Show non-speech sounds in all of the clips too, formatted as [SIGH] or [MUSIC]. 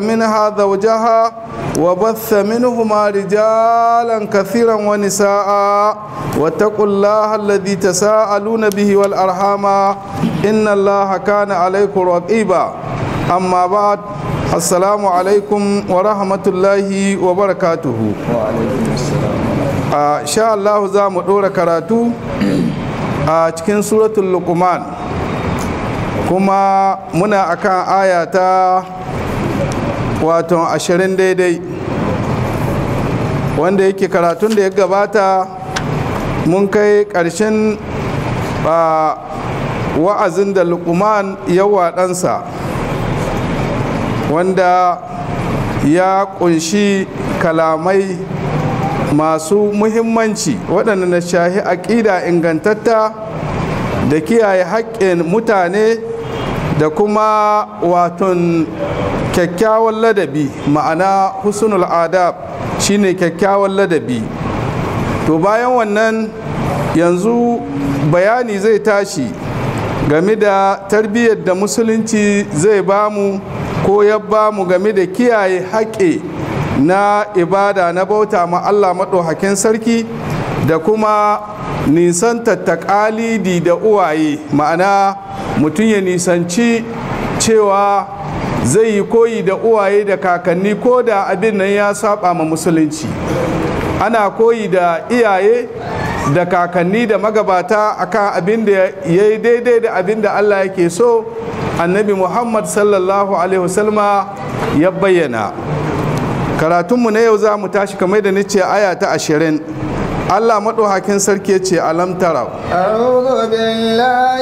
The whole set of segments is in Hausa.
منها زوجها وبث منهما رجالا كثيرا ونساء واتقوا الله الذي تساءلون به والأرحام إن الله كان عليكم رقيبا أما بعد السلام عليكم ورحمة الله وبركاته وعليكم السلام إن شاء الله زام دور كراتو cikin suratul luqman kuma muna akan aya ta wato ashirin daidai wanda yake karatun da ya gabata mun kai ƙarshen wa'azin da lukuman yawa ɗansa wanda ya ƙunshi kalamai masu muhimmanci waɗanda na shahi aƙida ingantatta da kiyaye haƙƙin mutane da kuma waton kyakkyawan ladabi ma'ana husnul adab shine kyakkyawan ladabi to bayan wannan yanzu bayani zai tashi game da tarbiyyar da musulunci zai bamu ko ya bamu game da kiyaye haƙe na ibada na bauta ma Allah maɗauhakin sarki da kuma nisan tattakalidi da uwaye ma'ana mutum ya nisanci cewa zai yi koyi da uwaye da kakanni ko da abin nan ya saba ma musulunci ana koyi da iyaye da kakanni da magabata akan abin da ya yi daidai da abin da Allah yake so annabi Muhammad sallallahu alaihi wasallama ya bayyana karatunmu na yau za mu tashi kamar da nace aya ta ashirin Allah maɗauhakin sarki ya ce alam tara أعوذ na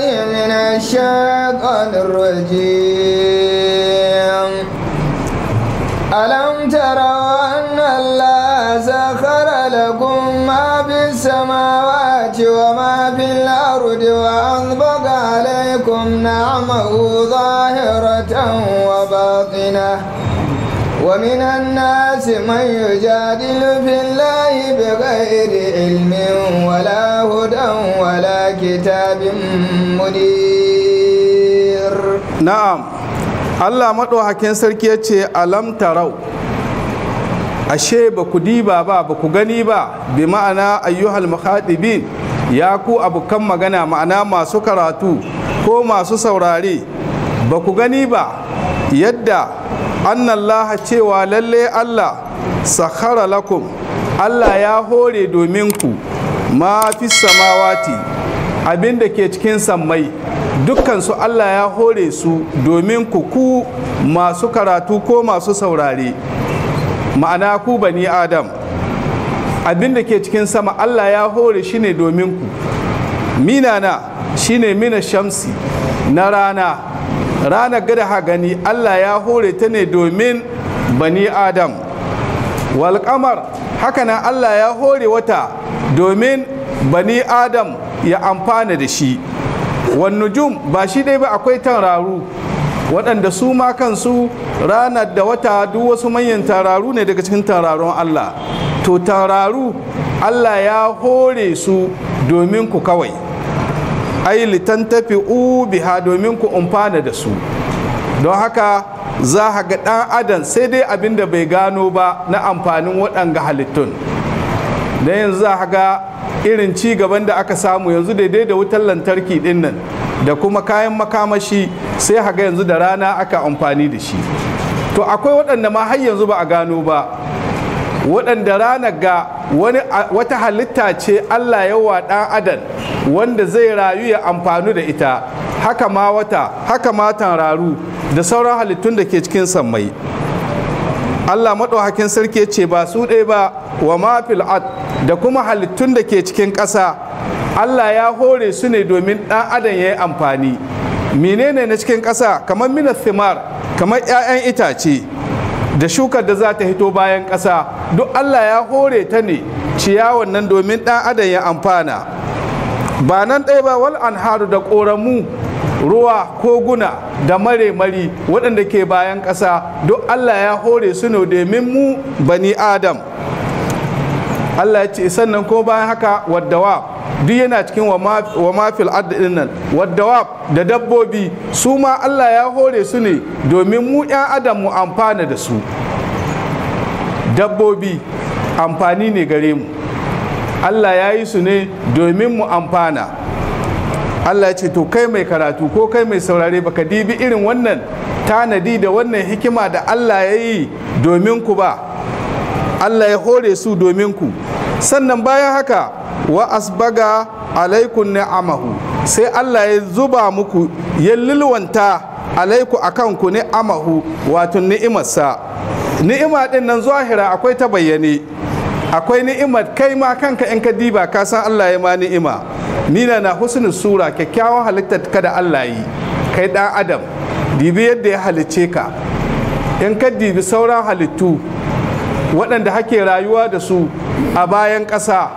sha الشيطان الرجيم الرحيم ألم تروا أن الله سخر لكم ما في السماوات وما في الأرض وأطبق عليكم نعمه ظاهرة وباطنة ومن الناس من يجادل في الله بغير علم ولا هدى ولا كتاب منير نعم Allah maɗauhakin sarki ya ce alam tarau ashe ba ku diba ba ba ku gani ba bi ma'ana ayyuhal mukhadibin ya ku abokan magana ma'ana masu karatu ko masu saurare ba ku gani ba yadda annallaha cewa lalle Allah sakhara lakum Allah ya hore domin ku ma fi samawati abin da ke cikin sammai dukkansu Allah ya hore su domin ku ku masu karatu ko masu saurare ma'ana ku bani adam abin da ke cikin sama Allah ya hore shi ne domin ku minana shi ne mina shamsi na rana ranar gada ha gani Allah ya hore ta ne domin bani adam walƙamar hakanan Allah ya hore wata domin bani adam ya amfana da shi Wanne Jum ba shi dai ba akwai tararu waɗanda su ma kansu ranar da wata duk wasu manyan tararu ne daga cikin tararun Allah to tararu Allah ya hore su domin ku kawai ai litantafi biha domin ku umfana da su don haka za a ga ɗan adam sai dai abin da bai gano ba na amfanin waɗanga halittun da yanzu za a ga irin ci gaban da aka samu yanzu daidai da wutar lantarki din da kuma kayan makamashi sai haga yanzu da rana aka amfani da shi to akwai waɗanda ma har yanzu ba a gano ba waɗanda ranar ga wata halitta ce Allah yawa ɗan adan wanda zai rayu ya amfanu da ita haka ma wata haka ma raru da sauran halittun da ke cikin sammai Allah maɗauhakin sarki ce ba su ɗaya ba wa mafil da kuma halittun da ke cikin ƙasa Allah ya hore su ne domin ɗan adam ya yi amfani menene na cikin ƙasa kamar minas thimar kamar 'ya'yan itace da shukar da za ta hito bayan ƙasa duk Allah ya hore ta ne ciyawan nan domin ɗan adam ya amfana ba nan ɗaya ba wal anharu da ƙoramu ruwa ko guna da mare-mari waɗanda ke bayan ƙasa duk allah ya hore su ne domin mu bani adam allah ya ce sannan ko bayan haka waddawa duk yana cikin wa mafil adadin nan waddawa da dabbobi su ma allah ya hore su ne domin mu 'yan adam mu amfana da su dabbobi amfani ne gare mu allah ya yi su ne domin mu amfana Allah ya ce to kai mai karatu ko kai mai saurare baka dibi irin wannan tanadi da wannan hikima da Allah ya yi domin ku ba Allah ya hore su domin ku sannan bayan haka wa asbaga alaikun ni'amahu sai Allah ya zuba muku ya lilwanta alaiku akan ku ni'amahu wato ni'imarsa ni'ima din nan zahira akwai ta bayyane akwai ni'imar kai ma kanka in ka diba ka san Allah ya ma ni'ima mina na Husnu sura kyakkyawan halittar ka da Allah yi kai dan adam dibi yadda ya halicce ka in ka dibi sauran halittu waɗanda hake rayuwa da su a bayan ƙasa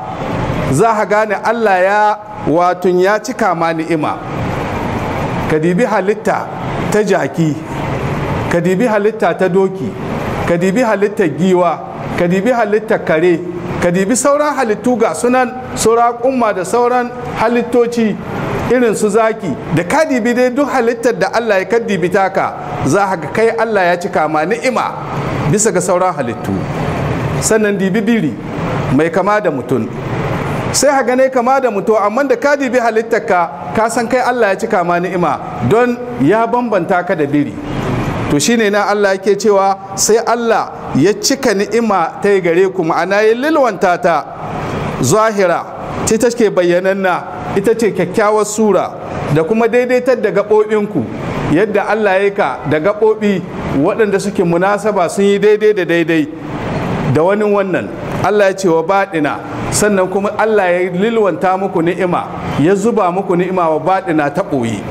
za ka gane Allah ya watun ya cika ma ni'ima ka dibi halitta ta jaki ka dibi halitta ta doki ka dibi halittar giwa ka dibi halittar kare ka dibi sauran halittu ga sunan su raƙumma da sauran halittoci irin su zaki da kadibi dai duk halittar da Allah ya kaddibi taka za ka kai Allah ya cika ma ni'ima bisa ga sauran halittu sannan dibi biri mai kama da mutum sai ha gane kama da mutum amma da kadibi halittar ka ka san kai Allah ya cika ma ni'ima don ya bambanta ka da biri to shine na Allah yake cewa sai Allah ya cika ni'ima ta gare ku ma'ana ya lilwanta ta zahira ce ta ke bayyananna ita ce kyakkyawar sura da kuma daidaitar da gaɓoɓinku yadda Allah ya ka da gaɓoɓi waɗanda suke munasaba sun yi daidai da daidai da wani wannan Allah ya ce wa baɗina sannan kuma Allah ya lilwanta muku ni'ima ya zuba muku ni'ima wa baɗina ta ɓoyi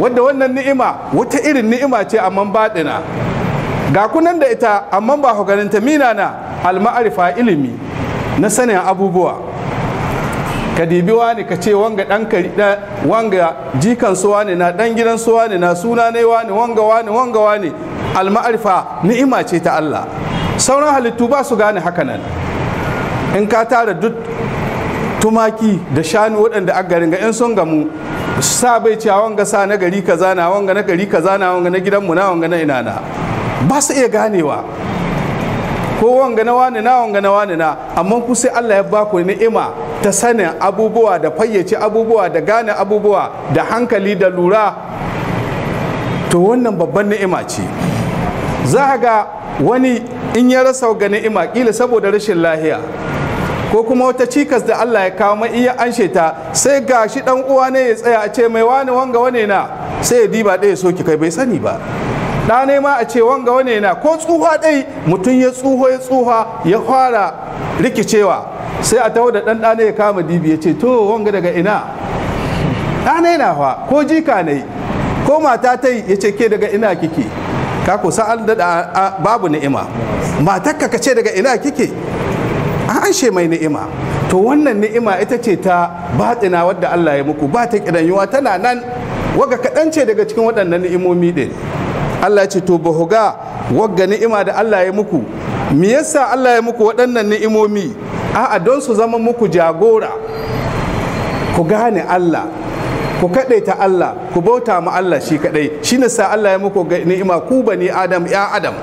wadda wannan ni'ima wata irin ni'ima ce amma baɗina ga kunan da ita amma ba ku ganin ta mina na alma'arifa ilimi na sanin abubuwa ka dibi wani ka ce wanga dan wanga jikan su wani na dan gidan su wani na suna ne wani wanga wani wanga wani alma'arifa ni'ima ce ta Allah sauran halittu ba su gane hakanan in ka tara duk tumaki da shanu waɗanda a garin ga 'yan sun gamu sa bai cewa wanga sa na gari kaza na wanga na gari kaza na wanga na gidanmu na wanga na ina na ba su iya ganewa ko wanga na wani na wanga na wani na amma ku sai Allah ya ba ku ni'ima ta sanin abubuwa da fayyace abubuwa da gane abubuwa da hankali da lura to wannan babban ni'ima ce za ga wani in ya rasa ga ni'ima kila saboda rashin lahiya ko kuma wata cikas da Allah ya kawo mai iya anshe ta sai ga shi dan uwa ne ya tsaya a ce mai wani wanga wane na sai ya diba ɗaya soki kai bai sani ba da nema a ce wanga wane yana ko tsuha dai mutum ya tsuho ya tsuha ya fara rikicewa sai a taho da dan ɗane ya kama dibi ya ce to wanga daga ina ɗane na fa ko jika ne ko mata ta yi ya ce ke daga ina kike ka ku sa'an da babu ni'ima matar ka ce daga ina kike an anshe mai ni'ima to wannan ni'ima ita ce ta batsina wadda Allah ya muku ba ta yuwa tana nan waga kaɗan ce daga cikin waɗannan ni'imomi ɗin Allah ya ce to ba ga wagga ni'ima da Allah ya muku me yasa Allah ya muku waɗannan ni'imomi a'a don su zama muku jagora ku gane Allah ku ta Allah ku bauta ma Allah shi kaɗai shi sa Allah ya muku ni'ima ku bani Adam ya Adam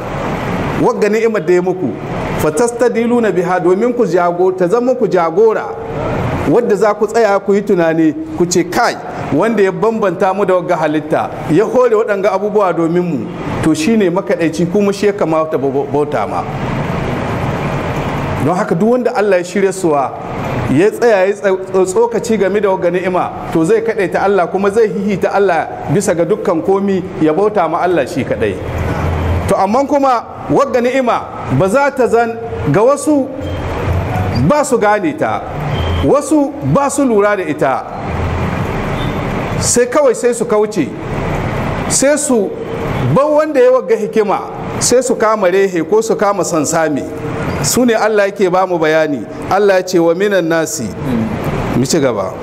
wagga ni'imar da ya muku fatastadiluna biha domin ku ta zama ku jagora wadda za ku tsaya ku yi tunani ku ce kai wanda ya bambanta mu da wagga halitta ya hore waɗanga abubuwa domin mu to shine makaɗaici kuma shi ya kamata bauta ma don haka duk wanda Allah ya shirya suwa ya tsaya ya tsokaci game da wagga ni'ima to zai ta Allah kuma zai hihita Allah bisa ga dukkan komi ya bauta ma Allah shi kaɗai to amma kuma wagga ni'ima ba za ta zan ga wasu ba su gane ta wasu ba su lura da ita sai kawai sai su kauce sai su ban wanda ya waga hikima sai su kama rehe ko su kama sansami su ne allah yake ba mu bayani allah ce wa minan nasi mu ci gaba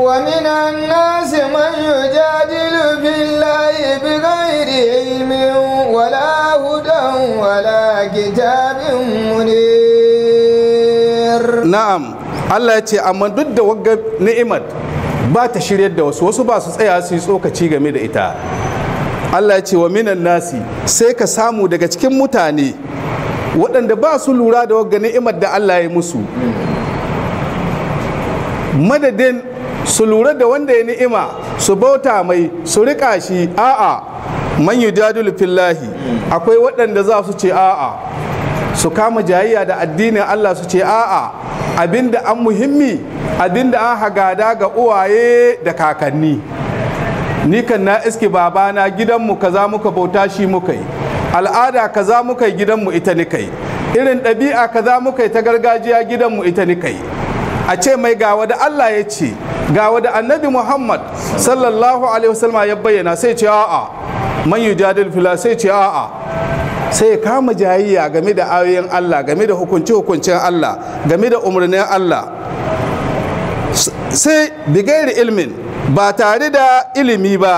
wa minan nasi man yujadilu billahi bi ghairi ilmin wala hudan wala kitabin muni. na'am allah ce amma duk da wagga ni'imat ba ta shiryar da wasu wasu ba su tsaya su yi tsokaci game da ita Allah ya ce wa minan nasi sai ka samu daga cikin mutane waɗanda ba su lura da wagga ni'imar da Allah ya musu madadin su lura da wanda ya ni'ima su bauta mai su riƙa shi a'a man yujadilu fillahi akwai waɗanda za su ce a'a su kama jayayya da addinin Allah su ce a'a abinda an muhimmi abinda an hagada ga uwaye da kakanni ni kan na iske babana gidanmu kaza muka bauta shi muka yi al'ada kaza muka yi gidanmu ita ni kai irin ɗabi'a kaza muka yi ta gargajiya gidanmu ita ni kai a ce mai ga wada Allah ya ce ga wada annabi Muhammad sallallahu alaihi wasallam ya bayyana sai ce a'a man yujadil fila sai ce a'a sai ya kama jayayya game da ayoyin Allah game da hukunce-hukuncen Allah game da umarnin Allah sai bigayar ilmin ba tare da ilimi ba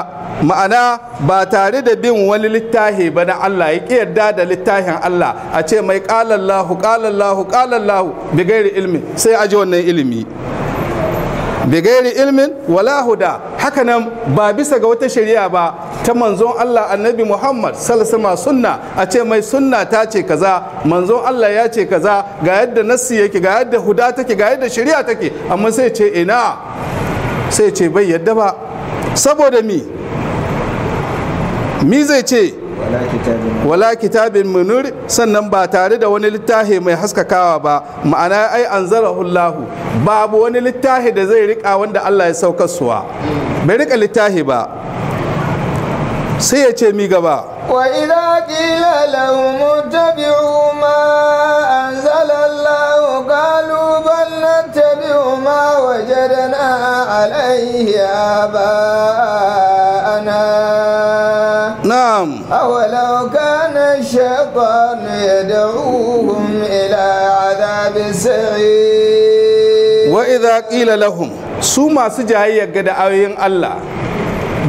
ma'ana ba tare da bin wani littahi ba na Allah ya yarda da littahin Allah a ce mai ƙalallahu ƙalallahu ƙalallahu bigayar ilmin sai aji wannan ilimi bigairi ilmin wala huda hakanan ba bisa ga wata shari'a ba ta manzon Allah annabi Muhammad sallallahu sunna a ce mai sunna ta ce kaza manzon Allah ya ce kaza ga yadda nassi yake ga yadda huda take ga yadda shari'a take amma sai ce ina sai ce bai yadda ba saboda mi mi zai ce wala kitabin munur sannan ba tare da wani littafi mai haskakawa ba ma'ana ai anzarahullahu babu wani littafi da zai rika wanda Allah ya saukar suwa bai rika littafi ba sai ya ce mi gaba wa idza qila lahum tabi'u ma anzalallahu qalu bal nattabi'u ma wajadna alayhi aba نعم أولو كان الشيطان يدعوهم إلى عذاب السعير وإذا قيل لهم su masu jayayya ga da'ayoyin Allah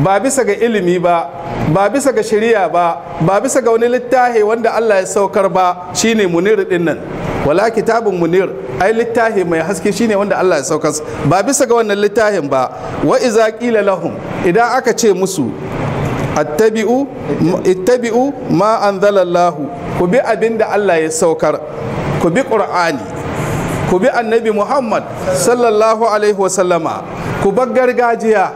ba bisa ga ilimi ba ba bisa ga shari'a ba ba bisa ga wani littahi wanda Allah ya saukar ba shine munir din nan wala kitabun munir ai littahi mai haske shine wanda Allah ya saukar ba bisa ga wannan littahin ba wa iza qila lahum idan aka ce musu hattabi'u ittabi'u ma anzalallahu ku bi abin da Allah ya saukar ku bi qur'ani ku bi annabi Muhammad sallallahu alaihi wasallama ku bar gargajiya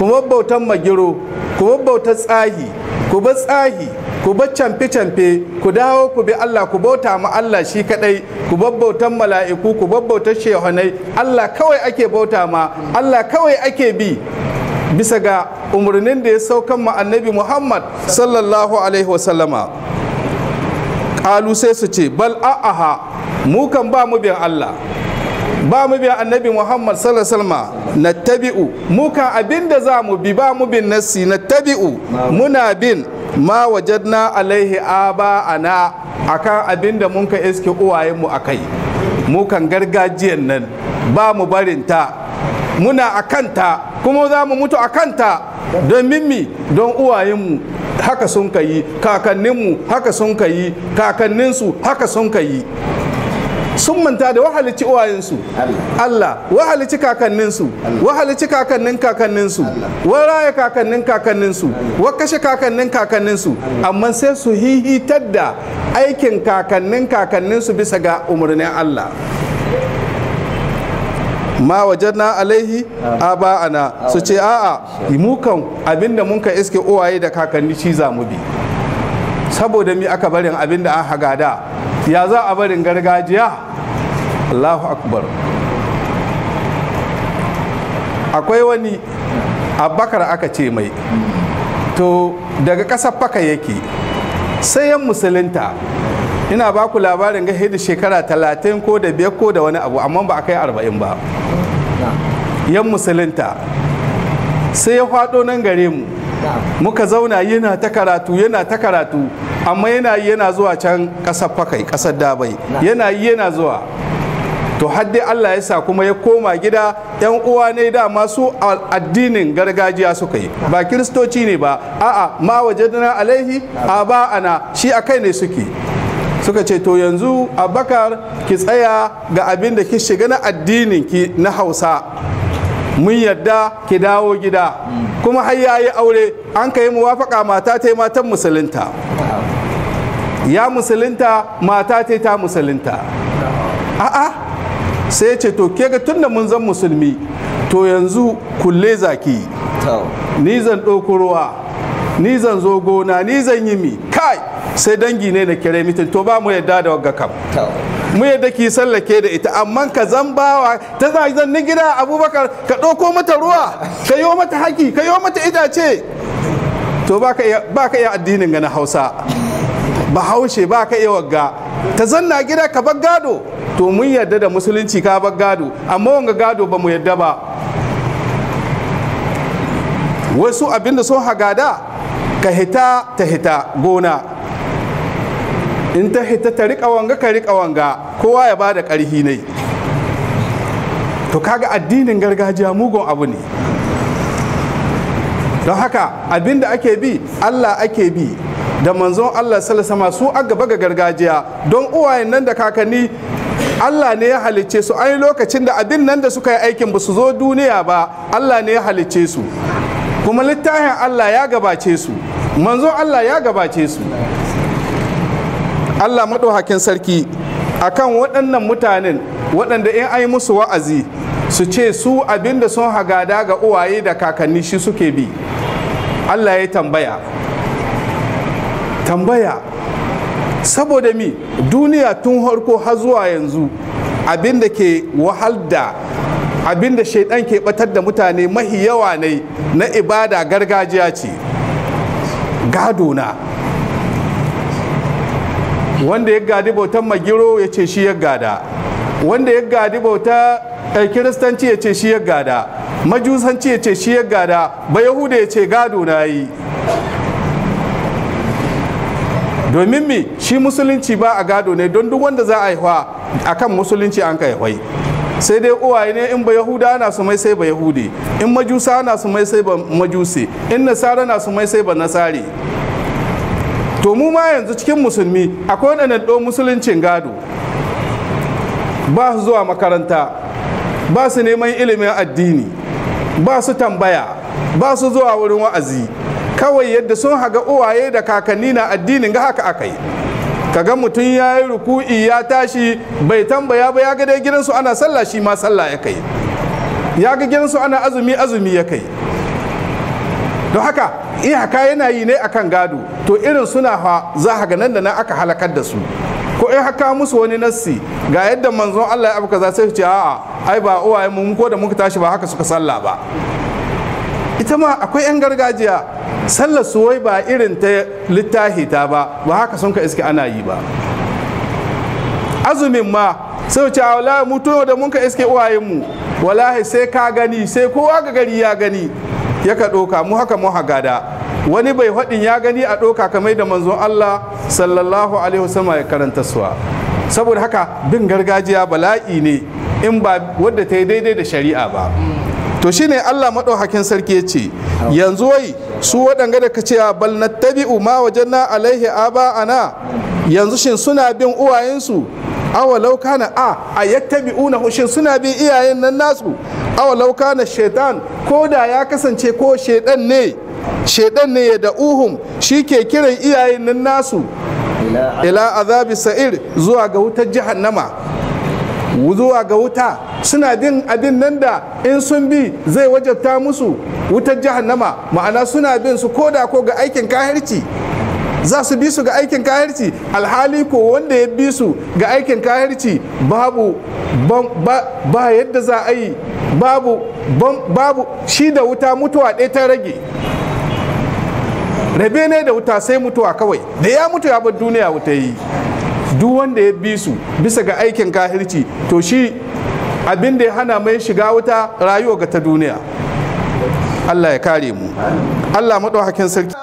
ku babbautan magiro ku tsahi ku bar tsahi ku bar camfe-camfe ku dawo ku bi Allah ku bauta ma Allah shi kadai ku babbautan mala'iku ku babbautan shehanai Allah kawai ake bauta ma Allah kawai ake bi bisa ga umarnin da ya saukan ma annabi muhammad sallallahu alaihi wasallama ƙalu sai su ce bal a'aha mu kan ba mu bin allah ba mu bin annabi muhammad sallallahu alaihi wasallama na tabi'u mu abin da za mu bi ba mu bin nassi na tabi'u muna bin ma wajadna alaihi aba ana akan abin da mun ka iske uwayenmu a kai mukan gargajiyan nan ba mu barinta muna a kanta kuma za mu mutu a kanta don mimmi don uwayenmu haka sun ka kakanninmu haka sun ka kakanninsu haka sun ka sun manta da wahalici uwayensu Allah wahalici kakanninsu wahalici kakannin kakanninsu wa kakannin kakanninsu wa kakannin kakanninsu amma sai su hihitar da aikin kakannin kakanninsu bisa ga umarnin Allah ma wajen na alaihi aba'ana su ce a'a mu kan abinda mun ka iske uwaye da kakanni shi za mu bi saboda mi aka barin abinda an hagada ya za a barin gargajiya Allahu akbar akwai wani abakar aka ce mai to daga ƙasa faka yake sai yan musulunta ina ba ku labarin ga da shekara talatin ko da biyar ko da wani abu amma ba a kai arba'in ba yan musulunta sai ya faɗo nan gare mu muka zauna yana ta karatu yana ta karatu amma yana yi yana zuwa can ƙasar fakai ƙasar dabai yana yi yana zuwa to har Allah ya sa kuma ya koma gida yan uwa ne da masu addinin gargajiya suka yi ba kiristoci ne ba a'a ma waje alaihi a ba ana shi a kai ne suke suka ce to yanzu abakar ki tsaya ga abin da ki shiga na addinin ki na hausa mun yadda ki dawo gida kuma har ya yi aure an ka yi muwafaka mata ta yi matan musulunta ya musulunta mata ta ta musulunta a'a sai ce to ke ga tunda mun zan musulmi to yanzu kulle zaki ni zan ɗauko ruwa ni zan zo gona ni zan yi mi kai sai dangi ne na kere mitin to ba mu yadda da wagga kam mu yadda ki sallake da ita amma ka zambawa ta zai ni gida abubakar ka ɗauko mata ruwa ka yi mata haƙi ka yi mata itace to ba ka iya addinin ga na hausa ba haushe ba ka iya wagga ta zanna gida ka bar gado to mun yadda da musulunci ka bar gado amma wanga gado ba mu yadda ba wasu abinda sun hagada ka hita ta hita gona in ta hita ta riƙa wanga ka riƙa wanga kowa ya bada ƙarfi ne to kaga addinin gargajiya mugun abu ne don haka abinda ake bi Allah ake bi da manzon Allah sama su a gaba ga gargajiya don uwayen nan da kakanni Allah ne ya halicce su an lokacin da abin nan da suka yi aikin ba su zo duniya ba Allah ne ya halicce su kuma littafin Allah ya gabace su manzon Allah ya gabace su Allah maɗauhakin sarki akan waɗannan mutanen waɗanda in ai musu wa'azi su ce su abinda sun hagada ga uwaye da kakanni shi suke bi Allah ya tambaya tambaya saboda mi duniya tun harko har zuwa yanzu abinda ke wahal da abinda shaidan ke batar da mutane mahi yawa ne na ibada gargajiya ce gado na wanda ya gadi bautan magiro ya ce shi ya gada wanda ya gadi bauta eh, kiristanci ya ce shi ya gada majusanci ya ce shi ya gada ba yahuda ya ce gado na yi domin mi shi musulunci ba a gado ne don duk wanda za a haihuwa akan musulunci an ka haifai sai dai uwaye ne in ba yahuda na su mai sai ba yahudi in majusa na su mai sai ba majusi in nasara na su mai sai ba nasari to mu ma yanzu cikin musulmi akwai wani ɗo musuluncin gado ba su zuwa makaranta ba su neman ilimin addini ba su tambaya ba su zuwa wurin wa'azi kawai yadda sun haga uwaye da kakanni na addinin ga haka aka yi kaga mutum ya yi ruku'i ya tashi bai tambaya ba ya ga dai gidansu ana sallah shi ma sallah ya kai ya ga gidansu ana azumi azumi ya kai don haka in haka yana yi ne akan gado to irin suna za ga nan da na aka halakar da su ko in haka musu wani nassi ga yadda manzon Allah ya abuka za sai ce a'a ai ba uwaye mun ko da muka tashi ba haka suka salla ba ita ma akwai yan gargajiya sallar su wai ba irin ta littahi ta ba ba haka sun ka iske ana yi ba azumin ma sai wuce a wala mutu da mun ka iske mu wallahi sai ka gani sai kowa ga gari ya gani Yaka ka mu haka mu hagada wani bai haɗin ya gani a ɗoka kamar da manzon Allah sallallahu alaihi wasallam ya karanta suwa saboda haka bin gargajiya bala'i ne in ba wadda ta yi daidai da shari'a ba to shine Allah maɗaukakin sarki ya ce yanzu wai su waɗanga da ka ce ah, bal nattabi'u ma wajanna alaihi aba ana yanzu shin suna bin uwayensu lauka na a a una hushin suna bin iyayen nan nasu lauka na shaitan ko da ya kasance ko shaitan ne shaitan ne ya shi ke kiran iyayen nan nasu ila azabi sa'ir zuwa ga wutar jahannama zuwa ga wuta suna bin abin nan da in sun bi zai wajabta musu wutar jahannama ma'ana suna bin su ko da ko ga aikin kahirci za su bi su ga aikin kahirci alhali ko wanda ya bi su ga aikin kahirci babu ba yadda za a yi babu babu shi da wuta mutuwa ɗaya ta rage rabe ne da wuta sai mutuwa kawai da ya mutu ya bar duniya wuta yi duk wanda ya bi su bisa ga aikin kahirci to shi abin da ya hana mai shiga wuta rayuwa ga ta duniya Allah ya kare mu Allah maɗaukakin sarki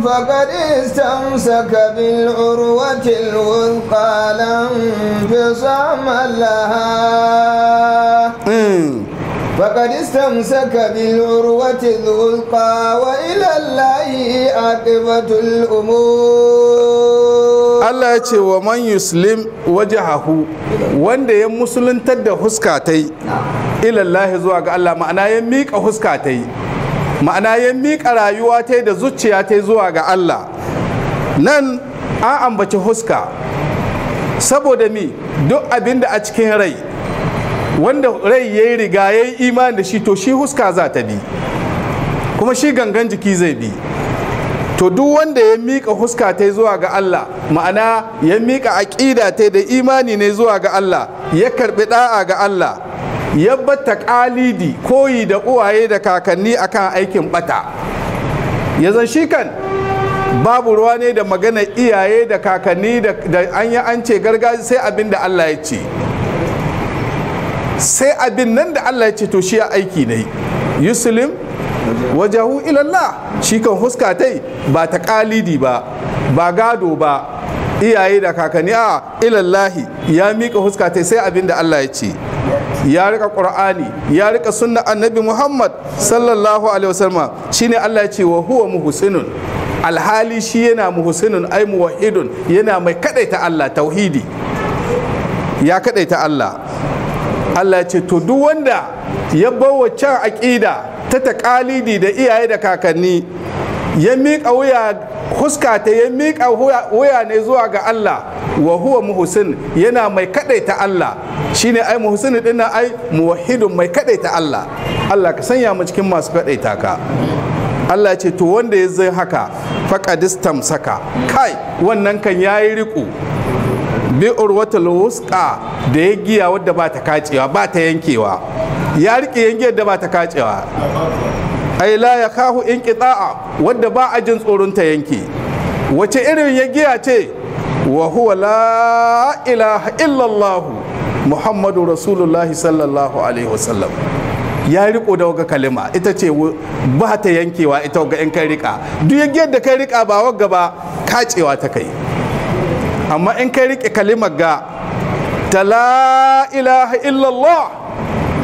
فقد استمسك بالعروة الوثقى لا انفصام لها فقد استمسك بالعروة الوثقى وإلى الله عاقبة الأمور Allah ya ce wa man yuslim wajahahu wanda ya musuluntar da huska ta yi ilallahi zuwa ga Allah ma'ana ya miƙa huska ta yi ma'ana ya miƙa rayuwa ta da zuciya ta zuwa ga Allah nan an ambaci huska saboda mi duk abin da a cikin rai wanda rai ya yi riga ya yi imani da shi to shi huska za ta bi kuma shi gangan jiki zai bi to duk wanda ya miƙa huska ta zuwa ga Allah ma'ana ya miƙa aƙida ta da imani ne zuwa ga Allah ya karɓi ɗa'a ga Allah yabbata kalidi koyi da uwaye da kakanni akan aikin bata zan shi kan babu ruwa ne da magana iyaye da kakanni da an yi an ce gargaji sai abin da Allah ya ce sai abin nan da Allah ya ce to shi ya aiki ne yuslim wajahu ilallah shi kan huska ba ta kalidi ba ba gado ba iyaye da kakanni a ilallahi ya mika huska ta sai abin da Allah ya ce ya rika qur'ani ya rika sunna annabi muhammad sallallahu alaihi wasallam shine allah ya ce wa huwa muhsinun alhali shi yana muhsinun ai muwahidun yana mai kadaita allah tauhidi ya kadaita allah allah ya ce to duk wanda ya bawa can aqida ta taƙalidi da iyaye da kakanni ya miƙa wuya huska ta ya miƙa wuya ne zuwa ga Allah wa huwa muhsin yana mai kadaita Allah shine ai muhsin na ai muwahhidun mai kadaita Allah Allah ka sanya mu cikin masu kadaita ka Allah ce to wanda ya zai haka faqadistam saka kai wannan kan yayi riku bi urwatul wusqa da ya giya wadda ba ta kacewa ba ta yankewa ya rike yangiyar da ba ta kacewa ai la ya kahu in ƙita'a wadda ba a jin tsoron ta yanke wace irin ya giya ce wa huwa la ilaha illallah muhammadu rasulullahi sallallahu alaihi wasallam ya riko da waga kalima ita ce ba ta yankewa ita waga in kai rika duk ya da kai rika ba waga ba kacewa ta kai amma in kai rike kalimar ga ta la ilaha illallah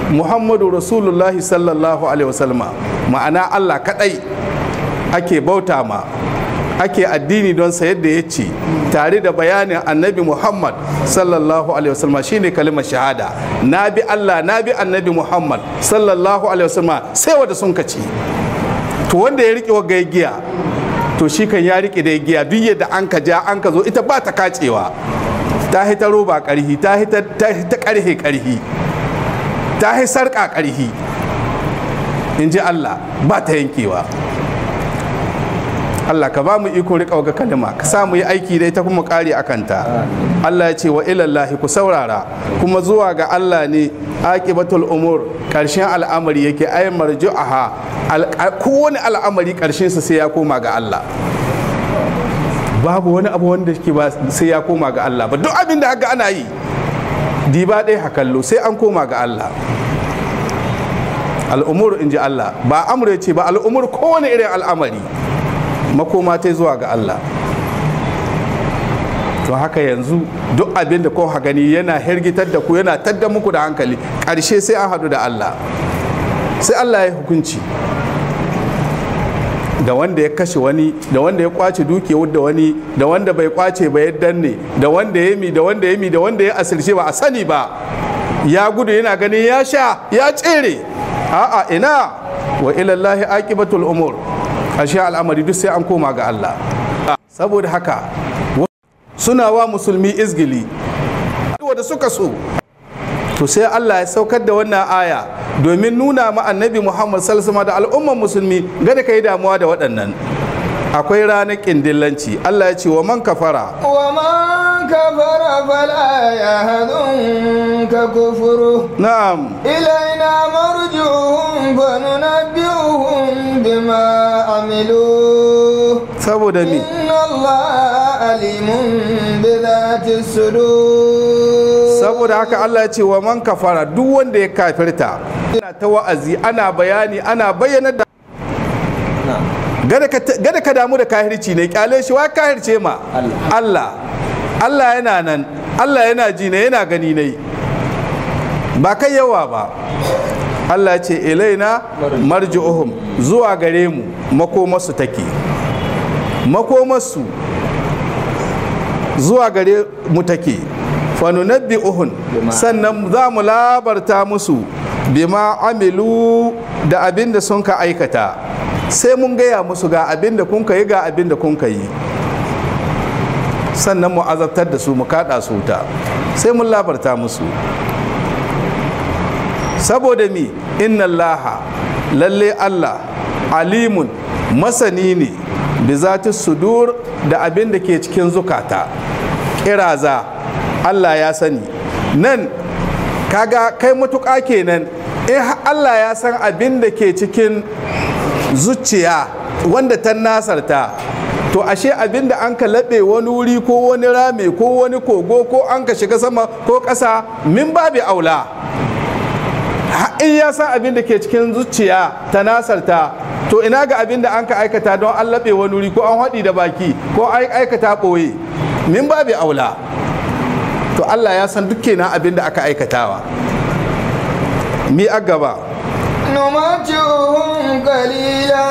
muhammadu rasulullahi sallallahu alaihi wasallam ma'ana allah kadai ake bauta ma ake addini don sa yadda ya ce tare da bayanin annabi muhammad sallallahu alaihi wasallam shine kalimar shahada na bi allah na bi annabi muhammad sallallahu alaihi wasallam sai wanda sun kaci to wanda ya riƙe wa giya to shi kan ya riƙe da giya duk yadda an ka ja an ka zo ita ba ta kacewa ta hita roba ƙarhi ta hita ƙarhe ƙarhi ta hita sarƙa ƙarhi in ji Allah ba ta yankewa Allah ka ba mu iko riƙa ga kalima ka sa mu yi aiki da ita kuma ƙari a kanta Allah ya ce wa ilallahi ku saurara kuma zuwa ga Allah ne aqibatul umur ƙarshen al'amari yake ay marju'aha kowane al'amari ƙarshen sa sai ya koma ga Allah babu wani abu wanda ke ba sai ya koma ga Allah ba duk abin da aka ana yi diba ɗaya hakallo sai an koma ga Allah al'umur in ji Allah ba amur ya ce ba al'umur kowane irin al'amari makoma ta zuwa ga Allah to haka yanzu duk abin da kowa gani yana hirgitar da ku yana tadda muku da hankali ƙarshe sai an haɗu da Allah sai Allah ya hukunci da wanda ya kashe wani da wanda ya kwace dukiyar da wani da wanda bai kwace ba ya danne da wanda ya mi da wanda ya mi da wanda ya asirce ba a sani ba ya gudu yana ganin ya sha ya tsere a'a ina wa ilallahi aqibatul umur ashe al'amari duk sai an koma ga Allah saboda haka suna wa musulmi izgili da suka so to sai Allah ya saukar da wannan aya domin nuna ma annabi Muhammad sallallahu alaihi wasallam da al'umman musulmi gada kai damuwa da waɗannan akwai ranar ƙindilanci, Allah ya ce wa man kafara wa man kafara fala yahdunka kufru na'am ilaina marjuhum fa nunabbi'uhum bima amilu saboda me inna Allah alimun bi dhati sudur saboda haka Allah ya ce wa man kafara duk wanda ya kafirta ina ta wa'azi ana bayani ana bayyana da gada ka damu da kahirci ne kyale shi wa kahirce ma Allah Allah yana nan Allah yana ji ne yana gani ne ba kai yawa ba Allah ce ilaina marji'uhum zuwa gare mu makomarsu take makomarsu zuwa gare mu take fanunabbi uhun sannan za mu labarta musu bima amilu da abin da sun ka aikata sai mun gaya musu ga abin da kun yi ga abin da kun yi sannan mu azabtar da su mu kada su ta, sai mun labarta musu saboda mi inna laha lalle allah alimun masani ne bi zati sudur da abin da ke cikin zukata kiraza allah ya sani nan kaga kai matuƙa kenan in allah ya san abin da ke cikin zuciya wanda ta nasarta to ashe abinda an ka laɓe wani wuri ko wani rame ko wani kogo ko an ka shiga sama ko ƙasa min bi aula in ya san abin da ke cikin zuciya ta nasarta to ina ga abin da an ka aikata don an laɓe wani wuri ko an haɗi da baki ko an aikata ɓoye min bi aula to Allah ya san duk kenan abin da aka aikatawa mi a gaba نمتعهم قليلا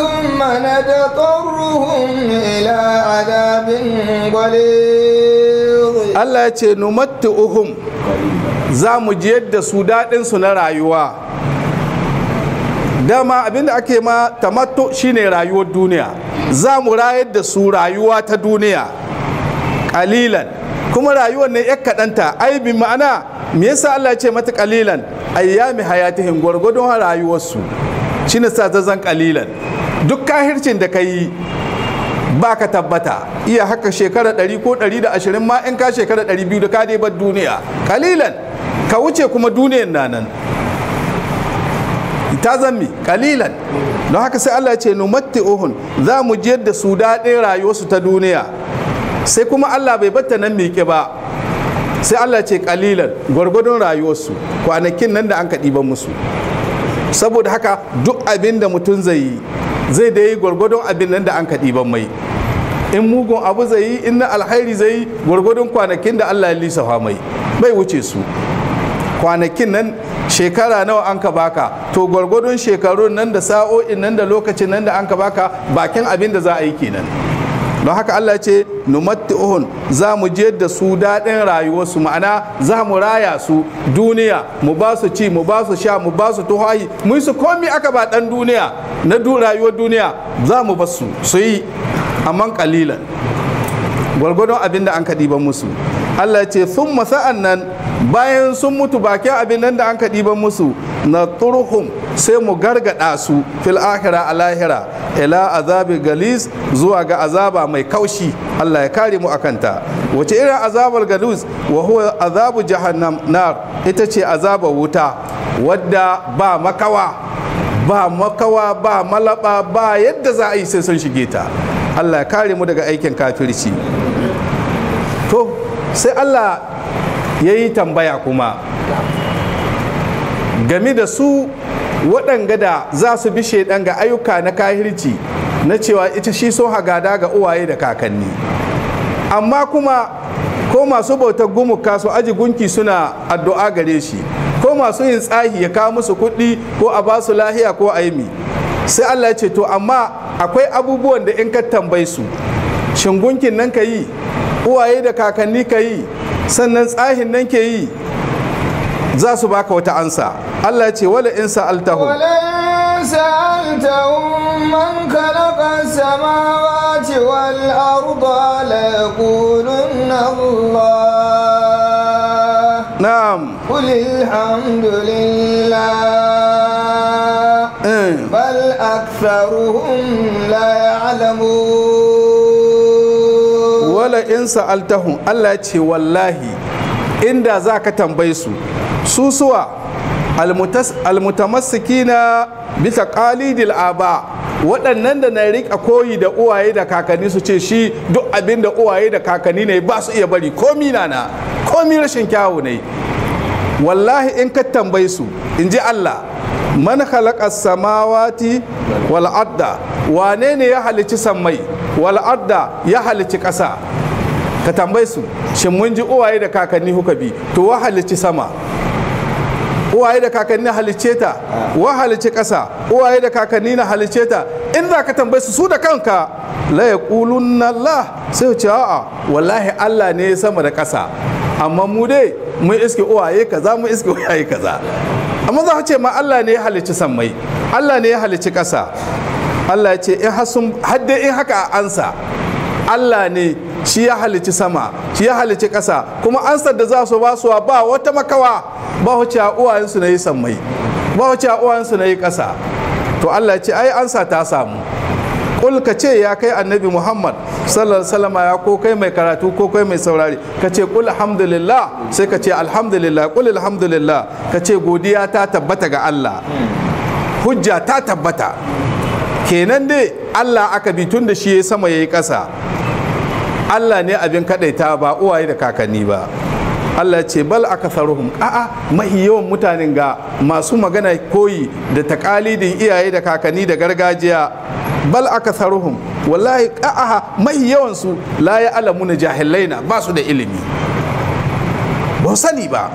ثم نضطرهم إلى عذاب غليظ الله يتي نمتعهم zamu ji yadda su daɗinsu na rayuwa dama abinda ake ma tamatto shine rayuwar duniya za mu rayar da su rayuwa ta duniya ƙalilan kuma rayuwar ne ya kaɗanta ai bi ma'ana me yasa Allah ya ce mata kalilan ayyami hayatihim gwargwadon rayuwarsu shine sa zazan kalilan? duk kahircin da kai ba ka tabbata iya haka shekara 100 ko 120 ma in ka shekara 200 da ka dai bar duniya Kalilan ka wuce kuma duniyar nanan ta zammi kalilan don haka sai Allah ce numatti uhun za mu jiyar da su daɗin rayuwarsu ta duniya sai kuma Allah bai batta nan miƙe ba sai Allah ce kalilan gwargwadon rayuwarsu kwanakin nan da an ka ɗiban musu saboda haka duk abin da mutum zai yi zai da yi gwargwadon abin nan da an ka ɗiban mai in mugun abu zai yi in na alhairi zai yi gwargwadon kwanakin da Allah ya lissafa mai bai wuce su kwanakin nan shekara nawa an ka baka to gwargwadon shekarun nan da sa'o'in nan da lokacin nan da an ka baka bakin abin da za a yi kenan don haka Allah ce numatti'uhun za mu je da su daɗin rayuwarsu ma'ana za mu raya su duniya mu ba su ci mu ba su sha mu ba su tuhayi mu su komi aka ba ɗan duniya na rayuwar duniya za mu ba su su yi amma kalilan gwargwadon abin da an kaɗi ba musu Allah ce sun masa'an nan bayan sun mutu bakin abin nan da an ka ɗiban musu na turhum sai mu gargaɗa su fil akhira a ila azabi galis zuwa ga azaba mai kaushi Allah ya kare mu akanta wace irin azabar galus wa huwa azabu jahannam nar ita ce azabar wuta wadda ba makawa ba makawa ba malaba ba yadda za a yi sai sun shige ta Allah ya kare mu daga aikin kafirci to sai Allah ya yi tambaya kuma game da su waɗanga da za su bi shaidan ga ayyuka na kahirci na cewa ita shi so hagada ga uwaye da kakanni amma kuma ko masu bautar gumuka su aji gunki suna addu'a gare shi ko masu yin tsahi ya kawo musu kuɗi ko a basu lahiya ko aimi sai Allah ce to amma akwai abubuwan da in ka tambaye su shin gunkin nan ka yi uwaye da kakanni ka yi sannan tsahin nan ke yi za su baka wata ansa Allah ce wala in sa'altahu wala in sa'altahum man khalaqa samawati wal arda la yaqulunna Allah na'am qul alhamdulillah eh. bal aktharuhum la ya'lamun wala in sa'altahu Allah ya ce wallahi inda za ka tambaye su susuwa suwa almutamassikina bisa qalidil aba waɗannan da na rika koyi da uwaye da kakanni su ce shi duk abin da uwaye da kakanni ne ba su iya bari komi na na komi rashin kyawu ne wallahi in ka tambaye su in ji Allah man khalaqa samawati wal adda wane ne ya halici sammai wal adda ya halici ƙasa ka tambaye su shin mun ji uwaye da kakanni kuka bi to wa halicci sama uwaye da kakanni halicce ta wa halicci ƙasa uwaye da kakanni na halicce ta in za ka tambaye su su da kanka la yaqulunna Allah sai ce a'a wallahi Allah ne sama da ƙasa amma mu dai mun iske uwaye kaza mun iske uwaye kaza amma za ce ma Allah ne ya halicci sammai Allah ne ya halicci ƙasa Allah ya ce in haddai in haka a ansa Allah ne shi ya halici sama shi ya halici ƙasa kuma ansar da za su ba su ba wata makawa ba wace uwayensu na yi sammai ba wace uwayensu na yi ƙasa to Allah ce ai ansa ta samu kul ka ce ya kai annabi Muhammad sallallahu alaihi wasallam ya ko kai mai karatu ko kai mai saurari ka ce kul alhamdulillah sai ka ce alhamdulillah kul alhamdulillah ka ce godiya ta tabbata ga Allah hujja ta tabbata kenan dai Allah aka bi tun da shi ya sama ya yi ƙasa Allah ne abin kadaita ba uwaye da kakanni ba Allah ce bal aka akasaruhum a'a mahi yawan mutanen ga masu magana koyi da takalidin iyaye da kakanni da gargajiya bal aka akasaruhum wallahi a'a mahi yawan su la ya alamu na jahilaina ba su da ilimi ba sani ba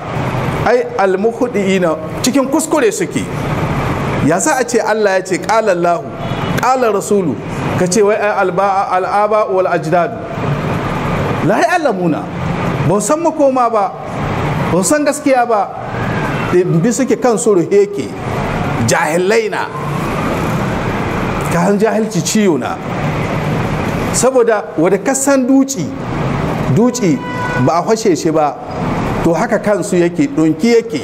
ai ina cikin kuskure suke ya sa a ce Allah ya ce qala Allahu qala rasulu ce wai al'aba wal ajdadu la alamuna ba san makoma ba ba san gaskiya ba bi suke kan suru heke jahilai na ka kayan jahilci ciyo na saboda wadda kasan duci duci ba a fashe shi ba to haka kansu yake ɗunki yake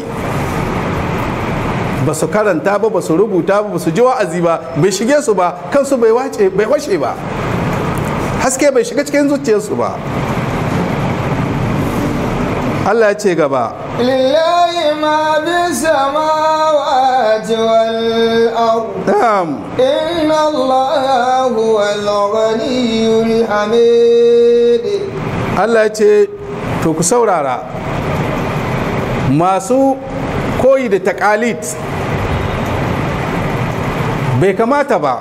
ba su karanta ba ba su rubuta ba ba su ji wa'azi ba bai shige su ba kansu bai wace ba haske bai shiga cikin zuciyarsu ba Allah ya ce gaba lillahi ma bi samawati wal ard inna allaha al ghaniyyul hamid Allah ya ce to ku saurara masu koyi da takalit bai kamata ba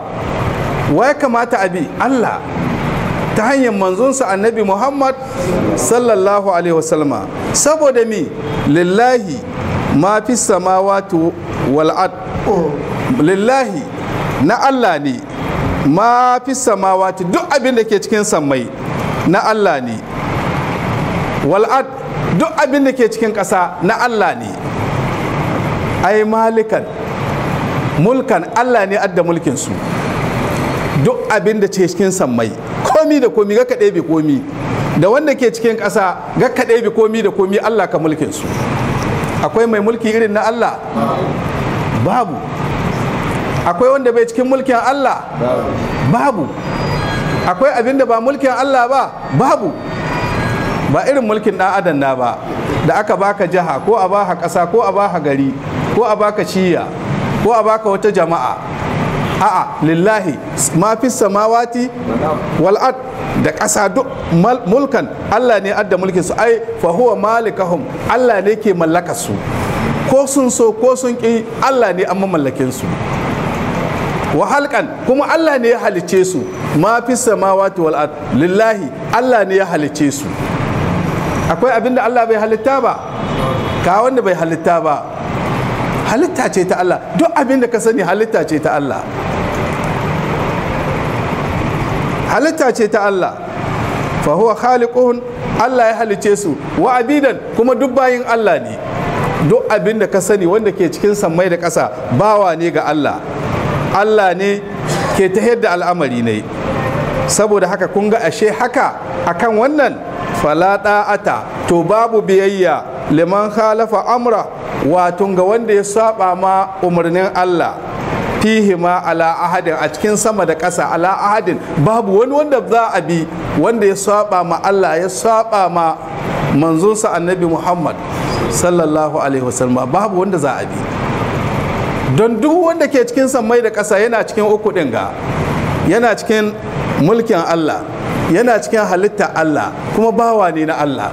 wa ya kamata abi Allah ta hanyar manzonsa annabi muhammad sallallahu alaihi wasallama saboda mi lillahi ma fi samawati wal lillahi na allah ne ma fi samawati duk abin da ke cikin sammai na allah ne wal'ad duk abin da ke cikin ƙasa na allah ne ai malikan mulkan allah ne adda mulkin mulkinsu duk abin da ce cikin sammai komi da komi ga kaɗai bi komi da wanda ke cikin ƙasa ga kaɗai bi komi da komi Allah ka mulkin su akwai mai mulki irin na Allah babu akwai wanda bai cikin mulkin Allah babu akwai abin da ba mulkin Allah ba babu ba irin mulkin ɗan adam na ba da aka baka jiha ko a baka ƙasa ko a baka gari ko a baka shiya ko a baka wata jama'a a'a lillahi ma fi samawati wal ard da ƙasa duk mulkan Allah ne adda mulkin su ai fa huwa malikahum Allah ne ke mallaka su ko sun so ko sun ki Allah ne an mallakin su wa halkan kuma Allah ne ya halice su ma fi samawati wal ard lillahi Allah ne ya halice su akwai abin da Allah bai halitta ba ka wanda bai halitta ba halitta ce ta Allah duk abin da ka sani halitta ce ta Allah halitta ce ta Allah fa huwa khaliquhun Allah ya halice su wa abidan kuma duk bayin Allah ne duk abin da ka sani wanda ke cikin sammai da ƙasa bawa ne ga Allah Allah ne ke ta yadda al'amari ne saboda haka kun ga ashe haka akan wannan fala ata to babu biyayya liman khalafa amra wato ga wanda ya saba ma umarnin Allah fihima ala ahadin a cikin sama da ƙasa ala ahadin babu wani wanda za a bi wanda ya saba ma Allah ya saba ma manzonsa annabi Muhammad sallallahu alaihi wasallam babu wanda za a bi don duk wanda ke cikin sama da ƙasa yana cikin uku ɗin ga yana cikin mulkin Allah yana cikin halitta Allah kuma bawa ne na Allah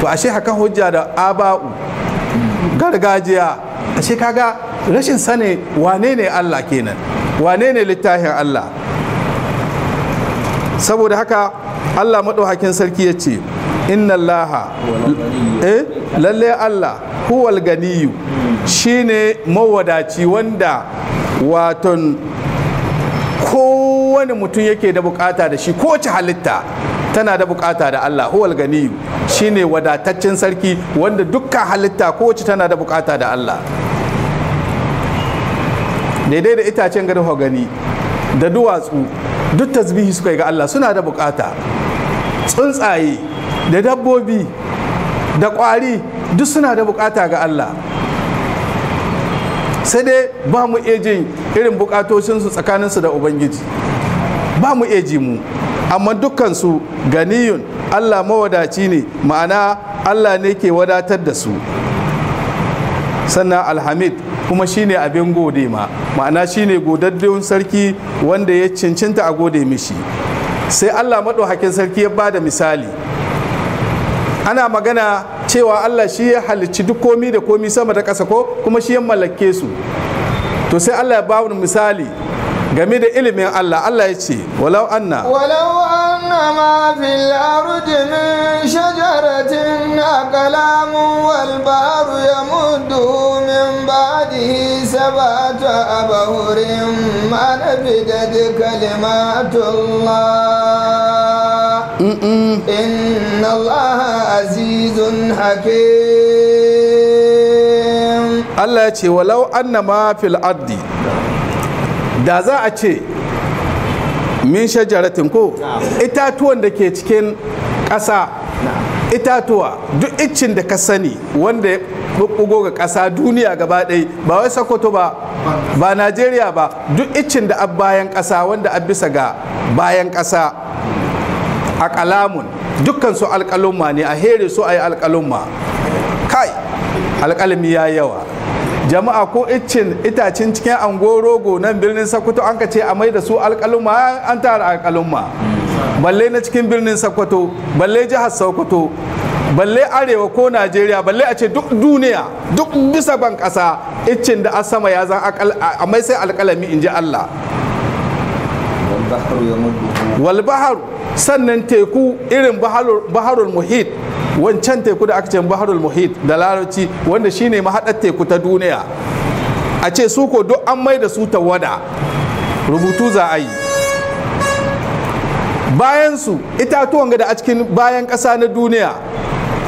to ashe haka hujja da aba'u gargajiya ashe kaga rashin sane wane ne Allah kenan wane ne littafin Allah saboda haka Allah maɗauhakin sarki ya ce inna laha eh, lalle Allah huwal ganiyu shine mawadaci wanda waton kowane mutum yake da bukata da shi kowace halitta tana da bukata da Allah huwal ganiyu shine wadataccen sarki wanda dukkan halitta kowace tana da bukata da Allah daidai da itacen garin hogani da duwatsu duk tasbihi suka yi ga Allah suna da bukata tsuntsaye da dabbobi da ƙwari duk suna da bukata ga Allah sai dai ba mu ejin irin bukatocinsu tsakaninsu da ubangiji ba mu eji mu amma dukkansu ganiyun Allah mawadaci ne ma'ana Allah ne ke wadatar da su sannan alhamid kuma shine abin gode ma ma'ana shine godaddun sarki wanda ya cincinta a gode mishi sai allah maɗaukakin sarki ya ba da misali ana magana cewa allah shi ya halicci duk komi da komi sama da ƙasa ko kuma shi ya mallake su to sai allah ya ba misali game da ilimin Allah Allah ya ce walau anna walau anna ma fil ardi min shajaratin aqlamu wal bahru yamuddu min ba'dihi sab'ata abhurin ma nafidat kalimatullah inna Allah azizun hakim Allah ya ce walau anna ma fil ardi da za a ce min shajaratin ko itatuwan da ke cikin ƙasa itatuwa duk iccin da ka sani wanda ya bubbugo ga ƙasa duniya gaba ɗaya ba wai sokoto ba ba najeriya ba duk iccin da ab bayan ƙasa wanda ab bisa ga bayan ƙasa a kalamun dukkan su alƙalumma ne a here su a yi alƙalumma kai alƙalmi ya yawa jama'a ko iccin itacin cikin angorogo nan birnin sakwato an ka ce a mai da su alkalumma an tara alkalumma. balle na cikin birnin sakwato balle jihar sokoto balle arewa ko najeriya balle a ce duk duniya duk bisa ban kasa iccin da sama ya zan a mai sai alkalami in ji allah walbahar sannan teku irin baharul muhit wancan teku da aka ce baharul muhit da larabci wanda shine mahaɗar teku ta duniya a ce su ko duk an mai da su tawada rubutu za a yi bayan su itatuwan da a cikin bayan ƙasa na duniya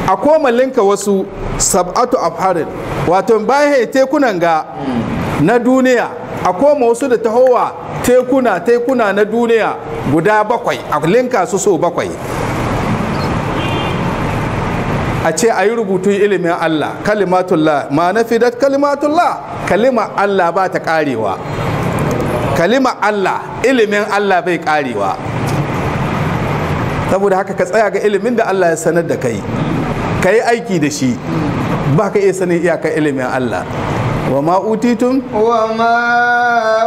a koma linka wasu sab'atu afharin wato bayan tekunan ga na duniya a koma wasu da tahowa tekuna tekuna na duniya guda bakwai a linka su so bakwai a ce a yi rubutu ilimin Allah kalimatullah ma nafidat kalimatullah kalima Allah ba ta karewa kalima Allah ilimin Allah bai karewa saboda haka ka tsaya ga ilimin da Allah ya sanar da kai ka yi aiki da shi ba ka iya sanin iyakar ilimin Allah وما أوتيتم وما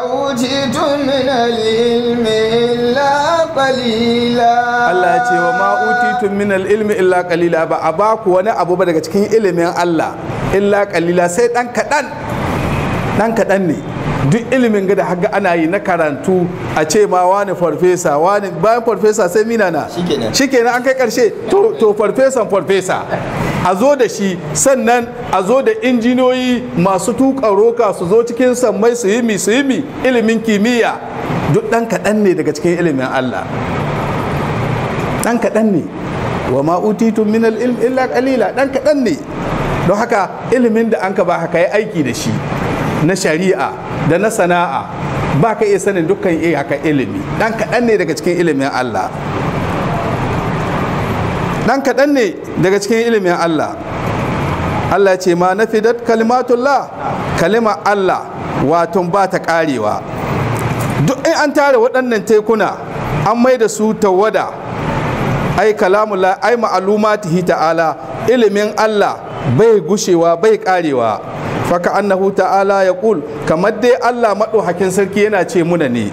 أوتيتم من العلم إلا قليلا الله يتي وما أوتيتم من العلم إلا قليلا أباك وانا أبو بدك تكين علم الله إلا قليلا سيد أنك دان أنك دان duk ilimin ga da haka ana yi na karantu a ce ma wani farfesa wani bayan farfesa sai mina na shikenan an kai karshe to farfesan farfesa a zo da shi sannan a zo da injiniyoyi masu tuka roka su zo cikin sammai su yi mi su yi ilimin kimiyya duk dan kaɗan ne daga cikin ilimin Allah Dan kaɗan ne wa ma utitun min illa qalila dan kaɗan ne don haka ilimin da an ka ba haka yi aiki da shi na shari'a da na sana'a ba ka iya sanin dukkan haka ilimi dan kaɗan ne daga cikin ilimin Allah dan kaɗan ne daga cikin ilimin Allah Allah ce ma na fidat kalimatullah kalima Allah waton ba ta ƙarewa duk in an tara waɗannan tekuna an mai da su tawada ai kalamula ai ma'alumatihi ta'ala ilimin Allah bai gushewa bai ƙarewa faka annahu ta'ala ya ƙul kamar dai Allah maɗaukakin sarki yana ce muna ne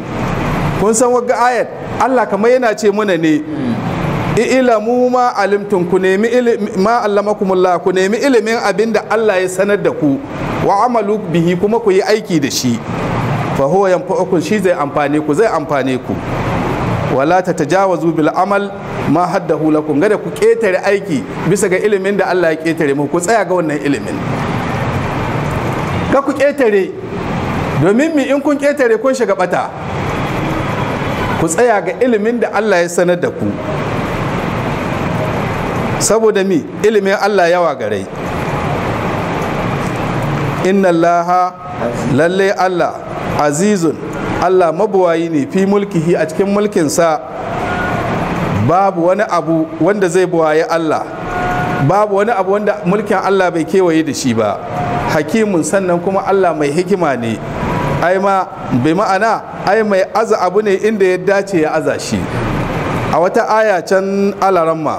kun san wagga ayat Allah kamar yana ce muna ne mu ma alimtum ku nemi ma allamakumullah ku nemi ilimin abinda Allah ya sanar da ku wa amalu bihi kuma ku yi aiki da shi fa huwa yanfa'ukum shi zai amfane ku zai amfane ku wala ta tajawazu bil amal ma haddahu lakum gada ku ketare aiki bisa ga ilimin da Allah ya ketare muku ku tsaya ga wannan ilimin ka ku ƙetare domin mi in kun ƙetare kun shiga bata. ku tsaya ga ilimin da Allah ya sanar da ku saboda mi ilimin Allah yawa garai inna laha lalle Allah azizun Allah mabuwayi ne fi mulkihi a cikin mulkinsa babu wani abu wanda zai buwaye Allah babu wani abu wanda mulkin Allah bai kewaye da shi ba hakimun sannan kuma Allah mai hikima ne ai ma bi ma'ana ai mai aza abu ne inda ya dace ya aza shi a wata aya can alaramma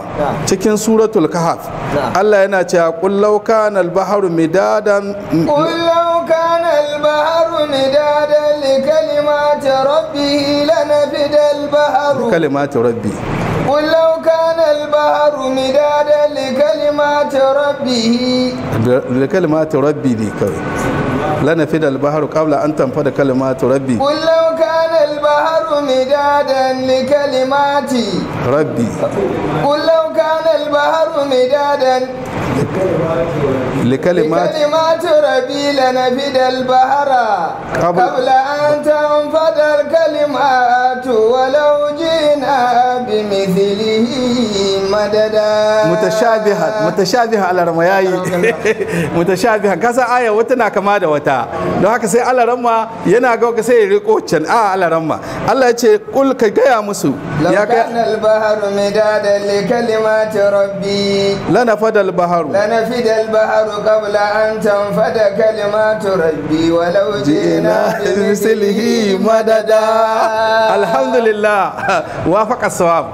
cikin suratul kahaf Allah yana cewa qul law kana al midadan qul law kana al midadan li kalimati lanafida bahru kalimati rabbi قل لو كان البحر مدادا لكلمات ربه لكلمات ربي دي كوي لنفد البحر قبل أن تنفد كلمات ربي قل لو كان البحر مدادا لكلمات ربي قل لو كان البحر مدادا لكلمات ربي لكلمات لكلمات ربي لنفد البحر قبل, قبل أن تنفد الكلمات ولو جئنا بمثله مددا متشابها متشابها على رمياي متشابها كسا آية وتنا كما وتا don haka sai Allah ramma yana ga ka sai ya riko can a Allah Allah ce kul ka gaya musu ya ka al-bahru midadan rabbi قبل أن تنفد كلمات ربي ولو جئنا بمثله مددا الحمد لله وافق الصواب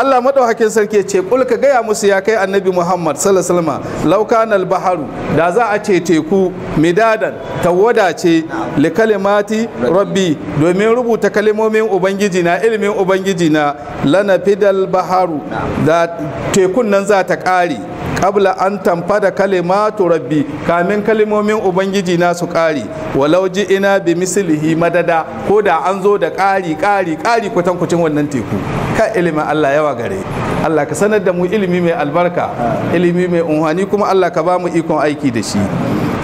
الله مدوحكين سركي ce kul gaya musu ya kai annabi Muhammad sallallahu alaihi baharu da za a ce teku midadan tawada ce li kalimati rabbi domin rubuta kalimomin ubangiji na ilimin ubangiji na lana fidal baharu da tekun nan za ta kare qabla an tanfada kalimatu rabbi kamin kalimomin ubangiji na su kari walau ji ina bi mislihi madada ko da an zo da kari kari kari kwatan kucin wannan teku ka ilimi Allah yawa gare Allah ka sanar da mu ilimi mai albarka ilimi mai unhani kuma Allah ka ba mu ikon aiki da shi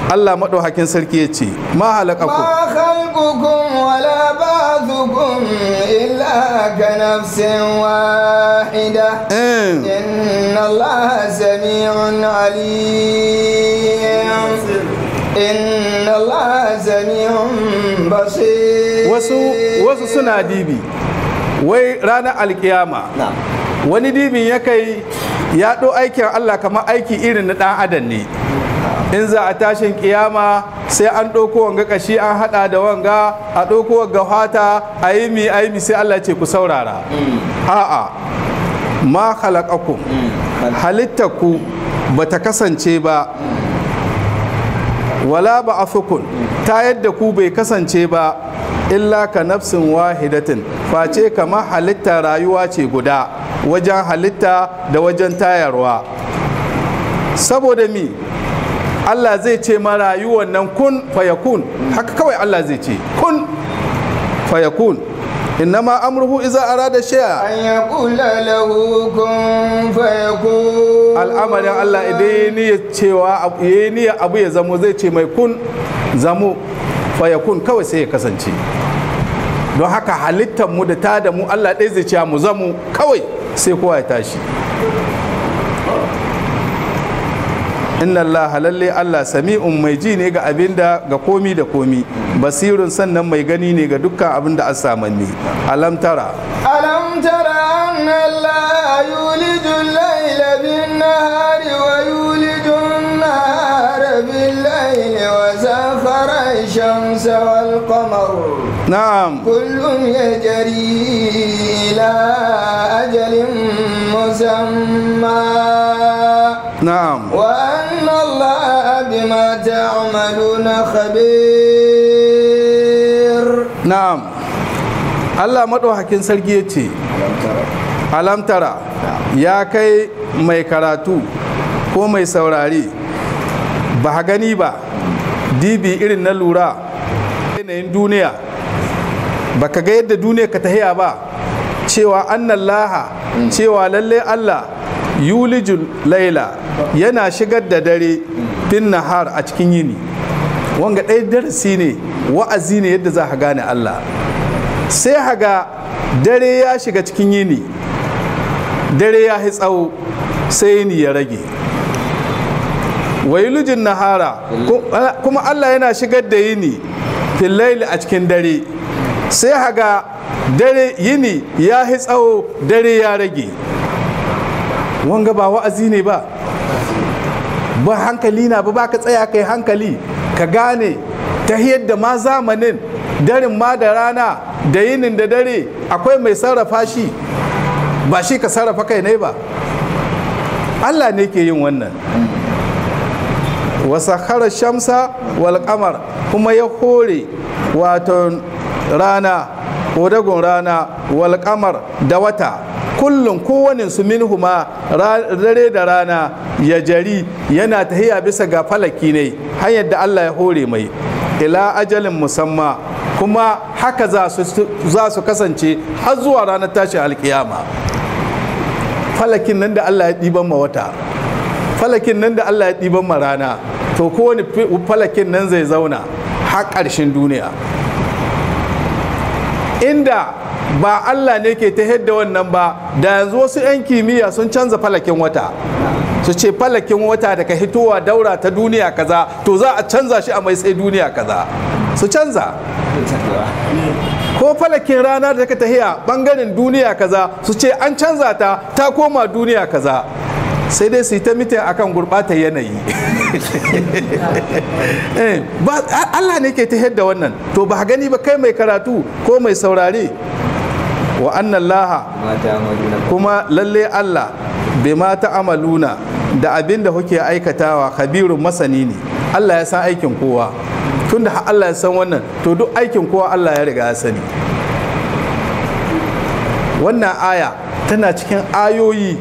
Allah maɗauhakin sarki ya ce ma halaka ku ma khalqukum wala ba'dukum illa ka nafsin wahida eh. inna Allah sami'un alim inna Allah sami'un basir wasu wasu suna dibi wai ranar alkiyama wani dibin ya kai ya ɗo aikin Allah kamar aiki irin na ɗan adam ne in za a tashin kiyama sai an ɗauko wanga ƙashi an haɗa da wanga a ɗauko wanga fata a yi mi a yi mi sai Allah ce ku saurara mm. a'a ma ku mm. halittaku ta kasance ba wala ba afukun ta yadda ku bai kasance ba illa ka nafsin wahidatin face kama halitta rayuwa ce guda wajen halitta da wajen tayarwa saboda mi Allah zai ce marayu nan kun fayakun haka kawai Allah zai ce kun fayakun innama amruhu iza arada shay'a an yaqula lahu kun fayakun al'amarin Allah idan ya cewa yayi abu ya zamo zai ce mai kun zamo fayakun kawai sai ya kasance don haka halittar mu da ta da mu Allah ɗaya zai ce mu zamu kawai sai kowa ya tashi inna allaha lalle allah sami'un mai ji ne ga abin da ga komi da komi basirun sannan mai gani ne ga dukkan abin da asamanni alam tara alam tara anna allaha yuliju al-laila bin-nahari wa yuliju an-nahara bil-laili wa safara ash-shamsa wal-qamar na'am kullun yajri ila ajalin musamma na'am wa anna allaha khabir na'am Allah madaukakin sarki yace alamtara ya kai mai karatu ko mai saurari ba gani ba dibi irin na lura yanayin duniya baka ga yadda duniya ka tahiya ba cewa annallaha cewa lallai Allah yulijul laila yana shigar da dare bin nahar a cikin yini wanga ɗaya darasi ne wa'azi ne yadda za ka gane Allah sai haga dare ya shiga cikin yini dare ya yi tsawo sai yini ya rage wailujin nahara kuma Allah yana shigar da yini laili a cikin dare sai haga dare yini ya yi tsawo dare ya rage wanga ba wa'azi ne ba ba hankali na ba ka tsaya kai hankali ka gane ta yadda ma zamanin darin ma da rana da yinin da dare akwai mai sarrafa shi ba shi ka sarrafa kai ne ba Allah ne ke yin wannan wasakhara shamsa wal kamar kuma ya hore wato rana ko dagon rana wal kamar da wata kullum kowane su minhuma dare da rana ya jari yana tahiya bisa ga falaki ne hanyar da Allah ya hore mai ila ajalin musamma kuma haka za su kasance har zuwa ranar tashi alkiyama falakin nan da Allah ya ɗiban ma wata falakin nan da Allah ya ɗiban ma rana to kowane falakin nan zai zauna har ƙarshen duniya inda ba Allah ne ke ta da wannan ba da yanzu wasu 'yan kimiyya sun canza falakin wata su ce falakin wata daga hitowa daura ta duniya kaza to za a canza shi a mai tsaye duniya kaza su canza ko falakin rana da ta tahiya bangaren duniya kaza su ce an canza ta ta koma duniya kaza sai dai su yi ta mita akan gurɓata yanayi [LAUGHS] eh, Allah ne ke ta da wannan to ba gani ba kai mai karatu ko mai saurare wa annan laha kuma lalle Allah mata amaluna da abin da kuke aikatawa kabirun masani ne Allah ya san aikin kowa tunda Allah ya san wannan to duk aikin kowa Allah ya riga ya sani wannan aya tana cikin ayoyi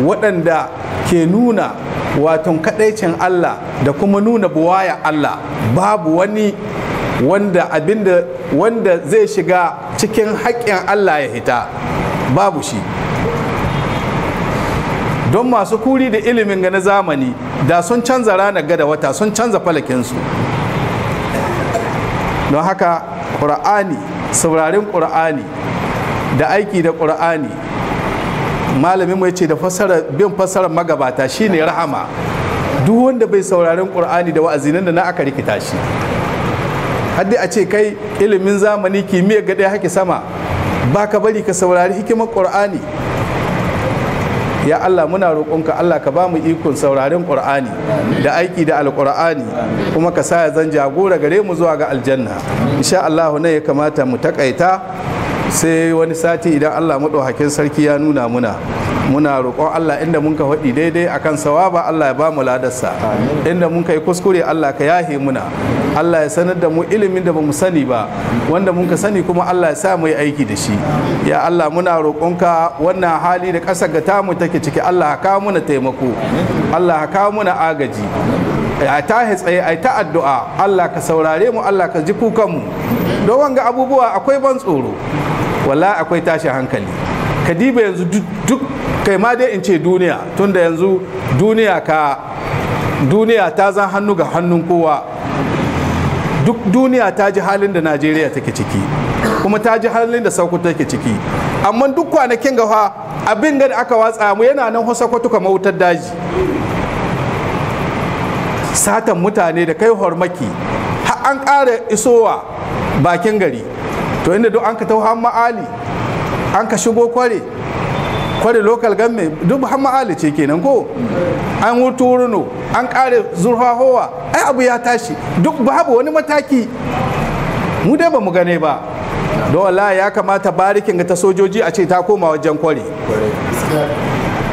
waɗanda ke nuna waton kaɗaicin Allah da kuma nuna buwaya Allah babu wani wanda abinda wanda zai shiga cikin haƙƙin Allah ya hita babu shi don masu kuri da ilimin ga na zamani da sun canza ranar gada wata sun canza falakinsu don haka ƙura'ani saurarin ƙura'ani da aiki da ƙura'ani malamin mai ce da bin fasarar magabata shine rahama duk wanda bai saurarin ƙura'ani da wa'azinan da na aka rikita shi har a ce kai ilimin zamani kimiyyar gade haki sama ba ka bari ka saurari hikimar ƙur'ani ya Allah muna roƙonka Allah ka ba mu ikon saurarin ƙur'ani da aiki da alƙur'ani kuma ka sa zan jagora gare mu zuwa ga aljanna insha Allah ne ya kamata mu takaita sai wani sati idan Allah maɗaukakin sarki ya nuna muna muna roƙon Allah inda mun ka faɗi daidai akan sawaba Allah ya ba mu ladarsa inda mun kai kuskure Allah ka yahe muna Allah ya sanar da mu ilimin da mu sani ba wanda mun ka sani kuma Allah ya sa mu yi aiki da shi ya Allah muna roƙonka wannan hali da ƙasar ga tamu take ciki Allah ka kawo muna taimako Allah ka kawo muna agaji a ta tsaye a ta addu'a Allah ka saurare mu Allah ka ji kukan mu don wanga abubuwa akwai ban tsoro wala akwai tashi hankali kadiba yanzu duk kai ma dai in ce duniya tunda yanzu duniya ka duniya ta zan hannu ga hannun kowa duk duniya ta ji halin da najeriya take ciki kuma ta ji halin da sauku take ciki amma duk kwanakin gafa abin da aka watsa mu yana nan kwatu, kamar wutar daji satan mutane da kai hormaki har an ƙara isowa bakin gari to inda duk an ka tauha ma'ali an ka shigo kware kwari local government duk muhammad ali ce kenan ko an wuto runo an kare zurfa zurfahowa ai abu ya tashi duk babu wani mataki mu dai ba mu gane ba don Allah ya kamata barikin ta sojoji a ce ta koma wajen kwari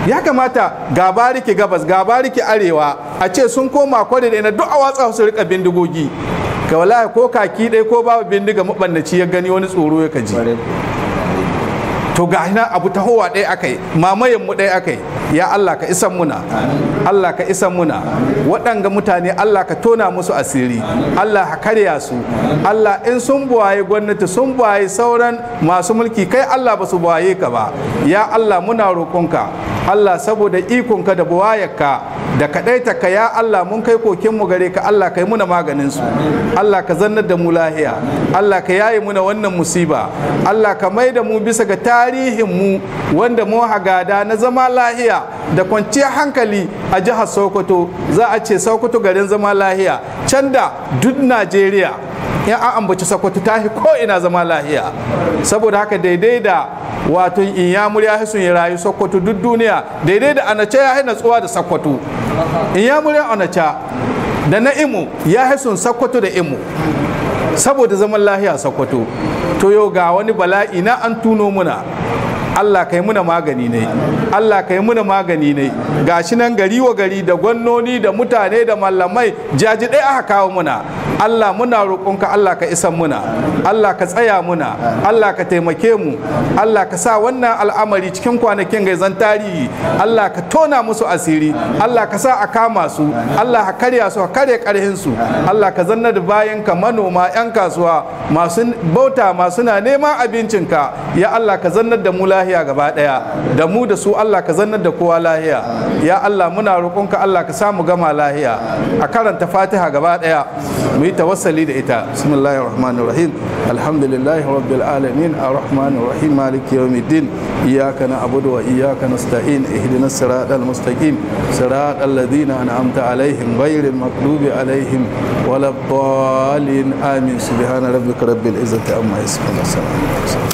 ya kamata ga bariki gabas ga bariki arewa a ce sun koma kwari da duk a watsa su rika bindigogi ka wallahi ko kaki ɗaya ko babu bindiga mabannaci ya gani wani tsoro ya kaji to ga hina abu tahowa ɗaya aka yi mamayen mu ɗaya aka yi ya Allah ka isan muna Allah ka isan muna waɗanga mutane Allah ka tona musu asiri Allah ka karya su Allah in sun buwaye gwamnati sun buwaye sauran masu mulki kai Allah ba su buwaye ka ba ya Allah muna roƙonka Allah saboda ikonka da buwayarka da kaɗaita ka ya Allah mun kai kokinmu gare ka Allah kai muna maganin su Allah ka zannar da mu lahiya Allah ka yaye muna wannan musiba Allah ka mai da mu bisa ga ta tarihinmu wanda mu hagada na zama lahiya da kwanciyar hankali a jihar sokoto za a ce sokoto garin zama lahiya can da duk najeriya in an ambaci sokoto ta fi ko ina zama lahiya saboda haka daidai da wato in ya murya sun ya rayu sokoto duk duniya daidai da anace ya haina tsuwa da sokoto in ya murya anace da na imu ya hisun sokoto da imu saboda zaman lahiya sakwato to yau ga wani bala'i na an tuno muna Allah kai muna magani ne Allah kai muna magani ne gashi nan gari wa gari da gwannoni da mutane da mallamai jaji ɗaya aka kawo muna Allah muna roƙonka Allah ka isan muna Allah ka tsaya muna Allah ka taimake mu Allah ka sa wannan al'amari cikin kwanakin zan tarihi Allah ka tona musu asiri Allah ka sa a kama su Allah ka karya su ka karya ƙarhin su Allah ka zanna da bayan ka manoma yan kasuwa masu bauta masu na neman abincinka ya Allah ka zanna da mu lahiya gaba daya da mu da su Allah ka zanna da kowa lahiya ya Allah muna roƙonka Allah ka samu gama lahiya a karanta Fatiha gaba daya ويتوسل الى إتاء بسم الله الرحمن الرحيم الحمد لله رب العالمين الرحمن الرحيم مالك يوم الدين اياك نعبد واياك نستعين اهدنا الصراط المستقيم صراط الذين انعمت عليهم غير المغضوب عليهم ولا الضالين امين سبحان ربك رب العزه عما يصفون السلام